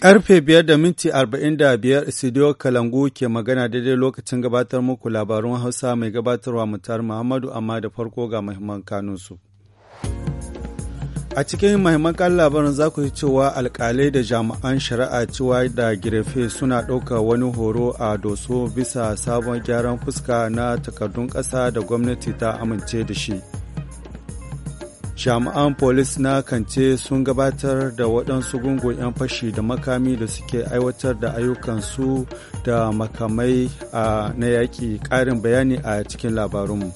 Karfe biyar da minti arba'in da biyar studio Kalangu ke magana daidai lokacin gabatar muku labarun Hausa mai gabatarwa mutar Muhammadu amma da farko ga mahimman kanunsu. A cikin mahimman kan labarin za ku yi cewa alkalai da jami'an shari'a cewa da girefe suna ɗauka wani horo a doso bisa sabon gyaran fuska na takardun ƙasa da gwamnati ta amince da shi. jami'an polis na kance sun gabatar da waɗansu gungun 'yan fashi da makami da suke aiwatar da ayyukansu da makamai na yaƙi ƙarin bayani a cikin labarunmu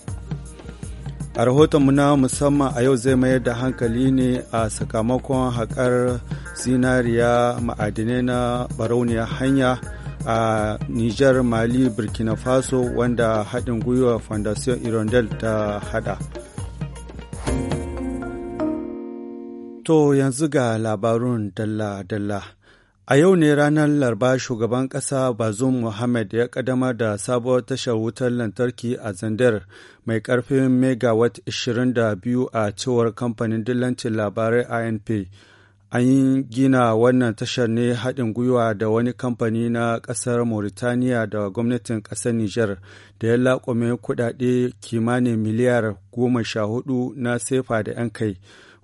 a rahotonmu na musamman a yau zai mayar da hankali ne a sakamakon haƙar zinariya ma'adinai na barauniyar hanya a niger mali burkina faso wanda haɗin gwiwa fondation irondel ta haɗa. To yanzu ga labarun dalla-dalla. A yau ne ranar Larba shugaban ƙasa Bazoum Mohammed ya ƙaddamar da sabuwar tashar wutar lantarki a Zandar mai ƙarfin megawatt 22 a cewar kamfanin dillancin labarai INP. An yi gina wannan tashar ne haɗin gwiwa da wani kamfani na ƙasar Mauritaniya da gwamnatin ƙasar Nijar da ya laƙume kuɗaɗe kimanin miliyar goma sha hudu na sefa da 'yan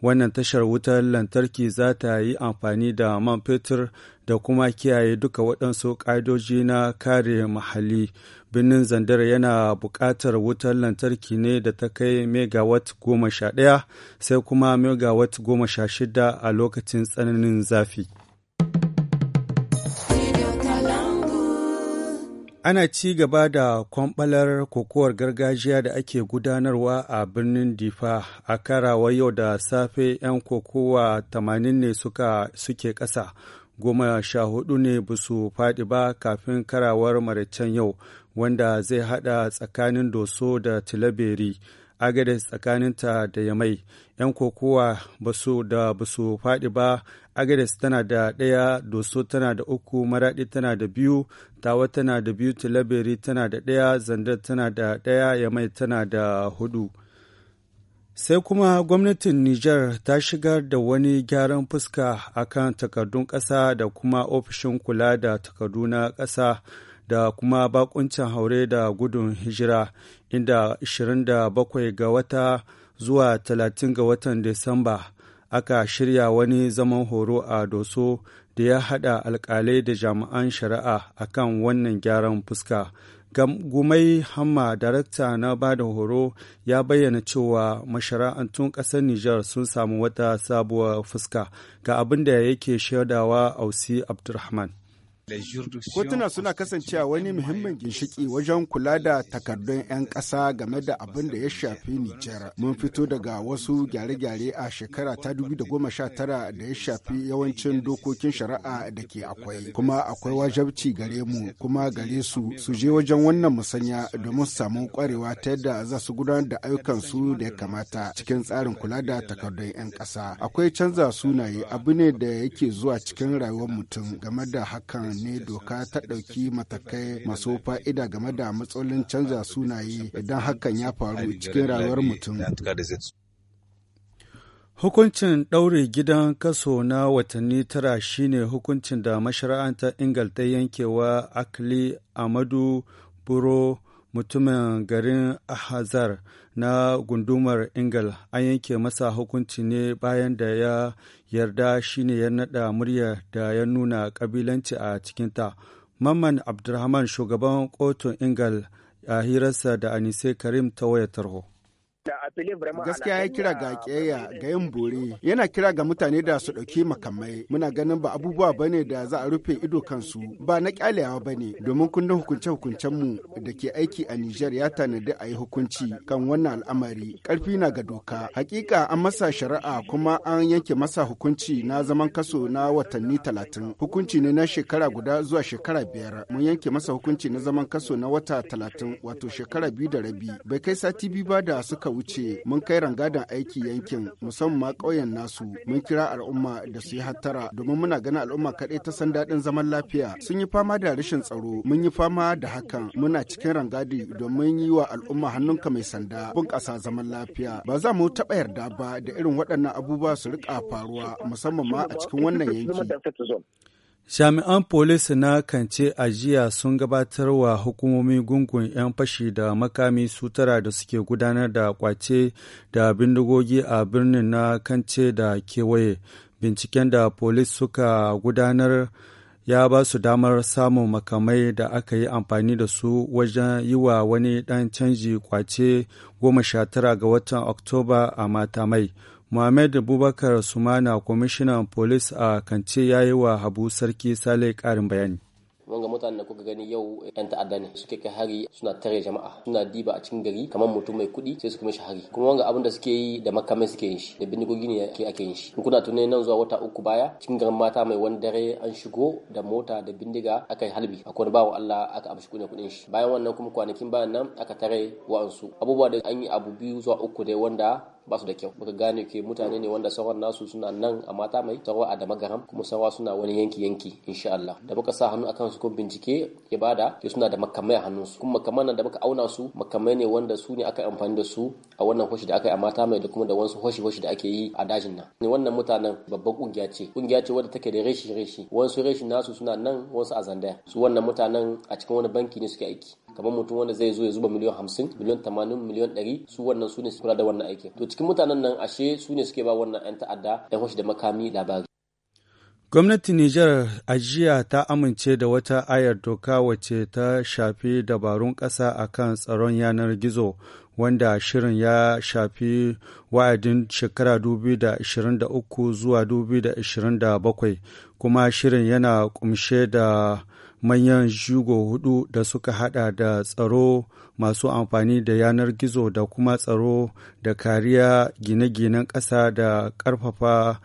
wannan tashar wutar lantarki za ta yi amfani da man fetur da kuma kiyaye duka waɗansu ƙa'idoji na kare mahalli birnin zandar yana buƙatar wutar lantarki ne da ta kai megawatt goma sha ɗaya sai kuma megawatt goma sha shida a lokacin tsananin zafi Ana ci gaba da kwamɓalar kokowar gargajiya da ake gudanarwa a birnin Difa a karawar yau da safe 'yan kokowa tamanin ne suka suke ƙasa, goma sha hudu ne ba su faɗi ba kafin karawar maraicen yau, wanda zai haɗa tsakanin Doso da Tilaberi. agades tsakaninta da yamai yan kokowa su da basu faɗi ba agades tana da ɗaya doso tana da uku maraɗi tana da biyu tawa tana da biyu tilaberi tana da ɗaya zandar tana da ɗaya yamai tana da hudu sai kuma gwamnatin Nijar ta shigar da wani gyaran fuska akan takardun ƙasa da kuma ofishin kula da takardu na ƙasa da kuma bakuncin haure da gudun hijira inda 27 ga wata zuwa 30 ga watan Disamba aka shirya wani zaman horo a Doso da ya haɗa alƙalai da jami'an shari'a a kan wannan gyaran fuska. gumai hamma darakta na bada horo ya bayyana cewa mashara'antun ƙasar Nijar sun samu wata sabuwar fuska ga abin da yake shaidawa ausi abdulrahman Kotuna suna kasancewa wani muhimmin ginshiki wajen kula da takardun 'yan ƙasa game da abin da ya shafi Nijar. Mun fito daga wasu gyare-gyare a shekara ta 2019 da ya shafi yawancin dokokin shari'a da ke akwai. Kuma akwai wajabci gare mu kuma gare su su je wajen wannan musanya domin samun kwarewa ta yadda za su gudanar da ayyukan su da ya kamata cikin tsarin kula da takardun 'yan ƙasa. Akwai canza sunaye abu ne da yake zuwa cikin rayuwar mutum game da hakan ne doka ta ɗauki matakai masu fa'ida game da matsalolin canza sunaye idan hakan ya faru cikin rayuwar mutum. Hukuncin ɗaure gidan kaso na watanni tara shine hukuncin da mashara'anta ta yankewa Akli Amadu Buro mutumin garin Ahazar na gundumar Ingal an yanke masa hukunci ne bayan da ya yarda shine ya naɗa murya da ya nuna kabilanci a cikinta. Mamman Abdulrahman shugaban kotun Ingal a hirarsa da Anise Karim ta wayar tarho. Gaskiya ya kira ga ƙeya ga yin bore yana kira ga mutane da su ɗauki makamai muna ganin ba abubuwa ba da za a rufe ido kansu ba na ƙyalewa ba ne domin kundin hukunce mu da ke aiki a Nijar ya tanadi a yi hukunci kan wannan al'amari karfi na ga doka hakika an masa shari'a kuma an yanke masa hukunci na zaman kaso na watanni talatin hukunci ne na shekara guda zuwa shekara biyar mun yanke masa hukunci na zaman kaso na wata talatin wato shekara biyu da rabi bai kai sati biyu ba da suka wuce ce mun kai rangadin aiki yankin musamman ƙauyen nasu mun kira al'umma da su yi hattara domin muna ganin al'umma kaɗai ta san daɗin zaman lafiya sun yi fama da rashin tsaro mun yi fama da hakan muna cikin rangadi domin yi wa al'umma hannunka mai sanda bunƙasa zaman lafiya ba za mu taɓa yarda ba da irin waɗannan abubuwa su riƙa faruwa musamman ma a cikin wannan yanki. Jami'an Polis na Kance a jiya sun gabatar wa hukumomi gungun 'yan fashi da makami sutara da suke gudanar da kwace da bindigogi a birnin na Kance da kewaye. Binciken da Polis suka gudanar ya ba su damar samun makamai da aka yi amfani da su wajen yi wa wani ɗan canji kwace goma sha tara ga watan Oktoba a Matamai. Muhammad abubakar Sumana kwamishinan polis a Kance ya yi wa Habu Sarki Sale ƙarin bayani. wanga mutanen da kuka gani yau yan ta'adda ne suke ka hari suna tare jama'a suna diba a cikin gari kamar mutum mai kuɗi sai su kuma shi hari kuma wanga abin da suke yi da makamai suke yin shi da bindigogi ne ake ake yin shi in kuna tunai nan zuwa wata uku baya cikin garin mata mai wani dare an shigo da mota da bindiga aka yi halbi a wani bawa Allah aka amshi kuɗin kuɗin shi bayan wannan kuma kwanakin bayan nan aka tare wa'ansu abubuwa da an yi abu biyu zuwa uku dai wanda ba su da kyau muka gane ke mutane ne wanda sauran nasu suna nan a mata mai tawa a damagaram kuma sawa suna wani yanki yanki insha Allah da muka sa hannu akan su ko bincike ibada bada ke suna da makamai a hannun su kuma makaman nan da muka auna su makamai ne wanda su ne aka amfani da su a wannan hoshi da aka yi a mata mai da kuma da wasu hoshi hoshi da ake yi a dajin nan ne wannan mutanen babban kungiya ce kungiya ce wadda take da reshi reshi wasu reshi nasu suna nan wasu a zandaya su wannan mutanen a cikin wani banki ne suke aiki kamar mutum wanda zai zo ya zuba miliyan hamsin miliyan tamanin miliyan ɗari su wannan su ne kula da wannan aikin to cikin mutanen nan ashe su ne suke ba wannan 'yan ta'adda 'yan hoshi da makami labari Gwamnatin Nijar a jiya ta amince da wata ayar doka wacce ta shafi dabarun ƙasa a kan tsaron yanar gizo wanda shirin ya shafi wa'adin shekara 2023 zuwa 2027 kuma shirin yana kumshe da manyan shigo hudu da suka hada da tsaro masu amfani da yanar gizo da kuma tsaro da kariya gine-ginen ƙasa da ƙarfafa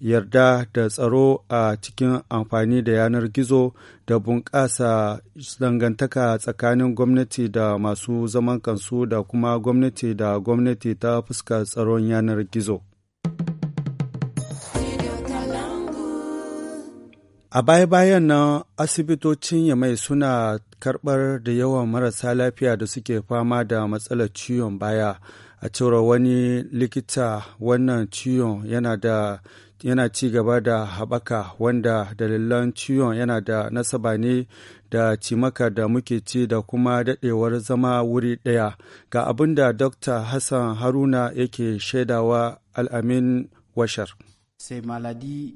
yarda da tsaro a cikin amfani da yanar gizo da bunƙasa dangantaka tsakanin gwamnati da masu zaman kansu da kuma gwamnati da gwamnati ta fuska tsaron yanar gizo. A baya-bayan nan asibitocin Yamai suna karɓar da yawan marasa lafiya da suke fama da matsalar ciwon baya. A cewar wani likita wannan ciwon yana da yana ci gaba da haɓaka wanda dalilan ciwon yana da nasaba ne da cimaka da muke ci da kuma daɗewar zama wuri ɗaya. Ga abin da Dr. Hassan Haruna yake shaidawa al'amin washar.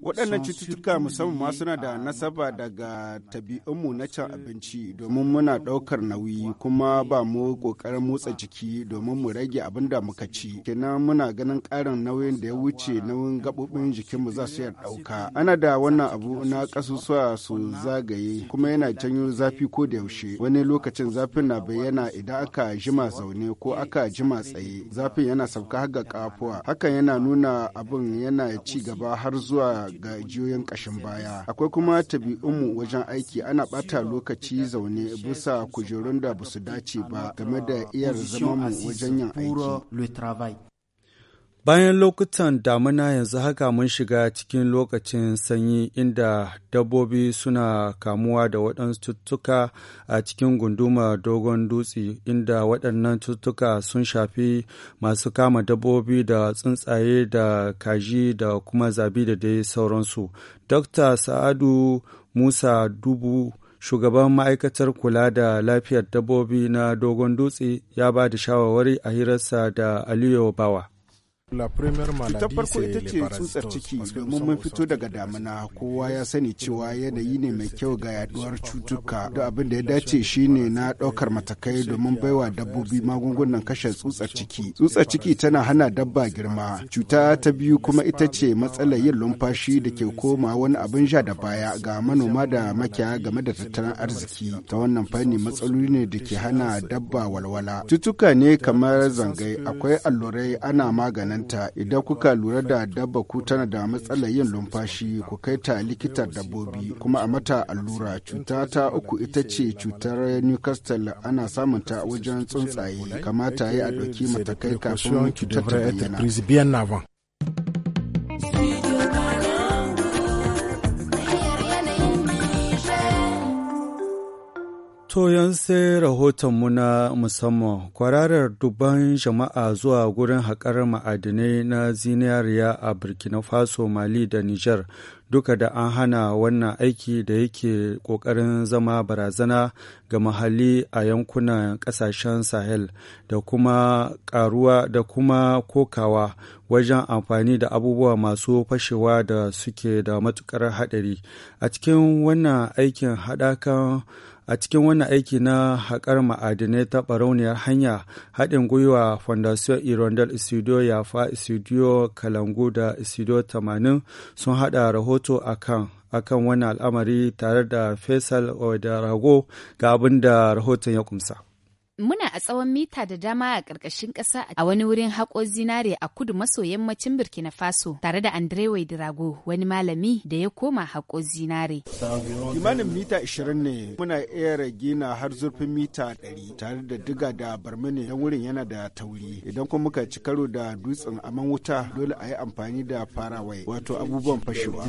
Waɗannan cututtuka musamman ma suna da nasaba daga tabi'unmu na cin abinci domin muna ɗaukar nauyi kuma ba mu ƙoƙarin motsa jiki domin mu rage abin da muka ci. Kenan muna ganin ƙarin nauyin da ya wuce nauyin gaɓoɓin jikinmu za su iya ɗauka. Ana da wannan abu na ƙasusuwa su zagaye kuma yana janyo zafi ko da yaushe. Wani lokacin zafin na bayyana idan aka jima zaune ko aka jima tsaye. Zafin yana sauka har ga kafuwa Hakan yana nuna abin yana ci gaba gaba har zuwa ga jiyoyin ƙashin baya akwai kuma tabi'unmu wajen aiki ana ɓata lokaci zaune bisa kujerun da ba su dace ba game da iyar zamanmu wajen yin aiki Bayan lokutan damuna yanzu haka mun shiga cikin lokacin sanyi inda dabbobi suna kamuwa da waɗansu cututtuka a cikin gunduma dogon dutse inda waɗannan cututtuka sun shafi masu kama dabbobi da tsuntsaye da kaji da kuma zabi da dai sauransu. Dr. Sa'adu Musa Dubu shugaban ma'aikatar kula da lafiyar dabbobi na dogon dutse ya ba da shawarwari a hirarsa da Aliyu Bawa. Cutar farko ita ce tsutsar ciki domin mun fito daga damina kowa ya sani cewa yanayi ne mai kyau ga yaduwar cutuka da abin da ya dace shine na ɗaukar matakai domin baiwa dabbobi magungunan kashe tsutsar ciki. Tsutsar ciki tana hana dabba girma. Cuta ta biyu kuma ita ce matsalar yin lumfashi da ke koma wani abin ja da baya ga manoma da makiyaya game da tattalin arziki. Ta wannan fanni matsaloli ne da ke hana dabba walwala. Cutuka ne kamar zangai akwai allurai ana maganin tsananta idan kuka lura da dabba ku tana da matsalar yin lumfashi ku kai ta likitar dabbobi kuma a mata allura cuta ta uku ita ce cutar newcastle ana samun ta wajen tsuntsaye kamata ya a ɗauki matakai kafin cutar ta bayyana To sai rahotonmu na musamman kwararar dubban jama'a zuwa gurin haƙar ma'adinai na zinariya a Burkina Faso, Mali da Niger. duka da an hana wannan aiki da yake ƙoƙarin zama barazana ga mahalli a yankunan ƙasashen sahel da kuma ƙaruwa da kuma kokawa wajen amfani da abubuwa masu fashewa da suke da matuƙar haɗari a cikin wannan aikin haɗakan a cikin wannan aiki na haƙar ma'adinai ta barauniyar hanya haɗin gwiwa fondation irondel studio yafa studio kalangu da studio 80 sun haɗa rahoton rahoto akan akan wani al'amari tare da Faisal rago ga abin da rahoton ya kumsa. Muna a tsawon mita da dama a ƙarƙashin ƙasa a wani wurin haƙo zinare a kudu maso yammacin Burkina Faso tare da Andre Rago wani malami da ya koma haƙo zinare. Kimanin mita 20 ne muna iya gina har zurfin mita 100 tare da diga da barmane don wurin yana da tauri. Idan kuma muka ci karo da dutsen aman wuta dole a yi amfani da farawai wato abubuwan fashewa.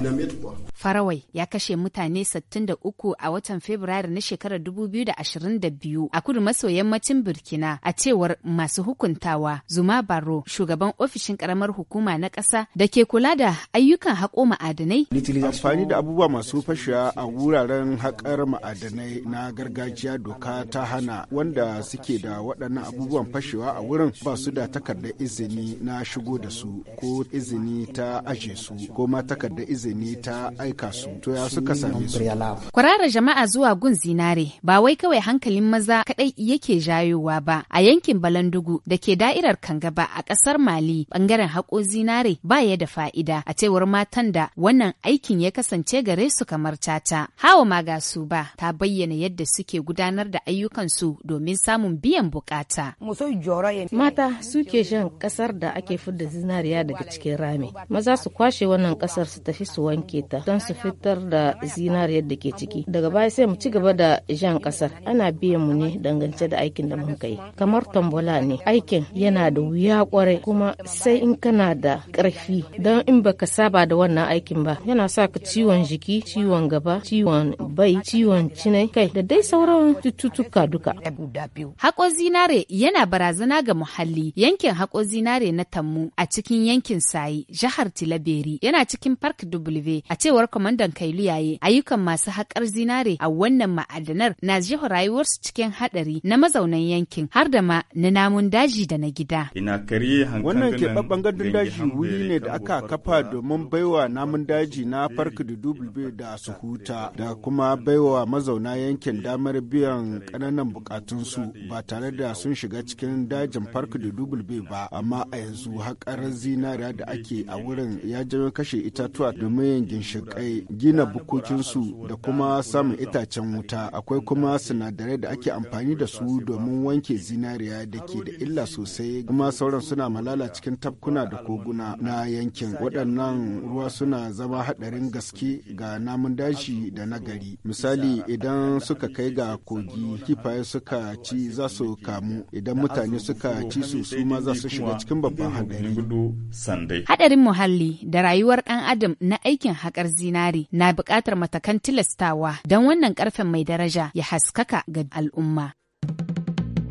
Farawai ya kashe mutane 63 a watan Fabrairu na shekarar 2022 a kudu maso yamma yammacin burkina a cewar masu hukuntawa zuma baro shugaban ofishin karamar hukuma na ƙasa da ke kula da ayyukan haƙo ma'adanai amfani da abubuwa masu fashewa a wuraren haƙar ma'adanai na gargajiya doka ta hana wanda suke da waɗannan abubuwan fashewa a wurin ba su da takardar izini na shigo da su ko izini ta aje su ko ma takardar izini ta aika su to ya suka same su kwarara jama'a zuwa gun zinare ba wai kawai hankalin maza kaɗai yake jayowa ba a yankin Balandugu da ke da'irar Kangaba a ƙasar Mali bangaren haƙo zinare ba ya da fa'ida a cewar matan da wannan aikin ya kasance gare su kamar tata. Hawa su ba ta bayyana yadda suke gudanar da ayyukansu domin samun biyan bukata. Mata suke shan ƙasar da ake fidda zinariya daga cikin rami. Maza su kwashe wannan ƙasar su tafi su wanke ta don su fitar da zinariyar da ke ciki. Daga baya sai mu ci gaba da jan ƙasar. Ana biyan mu ne dangance da aiki aikin da muka yi kamar tambola ne aikin yana da wuya kwarai kuma sai in kana da ƙarfi. don in baka saba da wannan aikin ba yana sa ka ciwon jiki ciwon gaba ciwon bai ciwon cinai kai da dai sauran cututtuka duka hako zinare yana barazana ga muhalli yankin hako zinare na tammu a cikin yankin sayi jihar tilaberi yana cikin park w a cewar kwamandan kailu yaye ayyukan masu haƙar zinare a wannan ma'adanar na jefa rayuwarsu cikin haɗari na mazauna mazaunan yankin har da ma na namun daji da na gida. Wannan keɓaɓɓen gandun daji wuri ne da aka kafa domin baiwa namun daji na farka da Dubulbe da su huta da kuma baiwa mazauna yankin damar biyan ƙananan buƙatunsu ba tare da sun shiga cikin dajin farka da Dubulbe ba amma a yanzu haƙar zinariya da ake a wurin ya jami kashe itatuwa domin yin ginshiƙai gina bukukinsu da kuma samun itacen wuta akwai kuma sinadarai da ake amfani da su domin domin wanke zinariya da ke da illa sosai kuma sauran suna malala cikin tafkuna da koguna na yankin waɗannan ruwa suna zama haɗarin gaske ga namun daji da nagari misali idan suka kai ga kogi kifaye suka ci za su kamu idan mutane suka ci su su ma za su shiga cikin babban haɗari haɗarin muhalli da rayuwar ɗan adam na aikin haƙar zinari na buƙatar matakan tilastawa don wannan ƙarfen mai daraja ya haskaka ga al'umma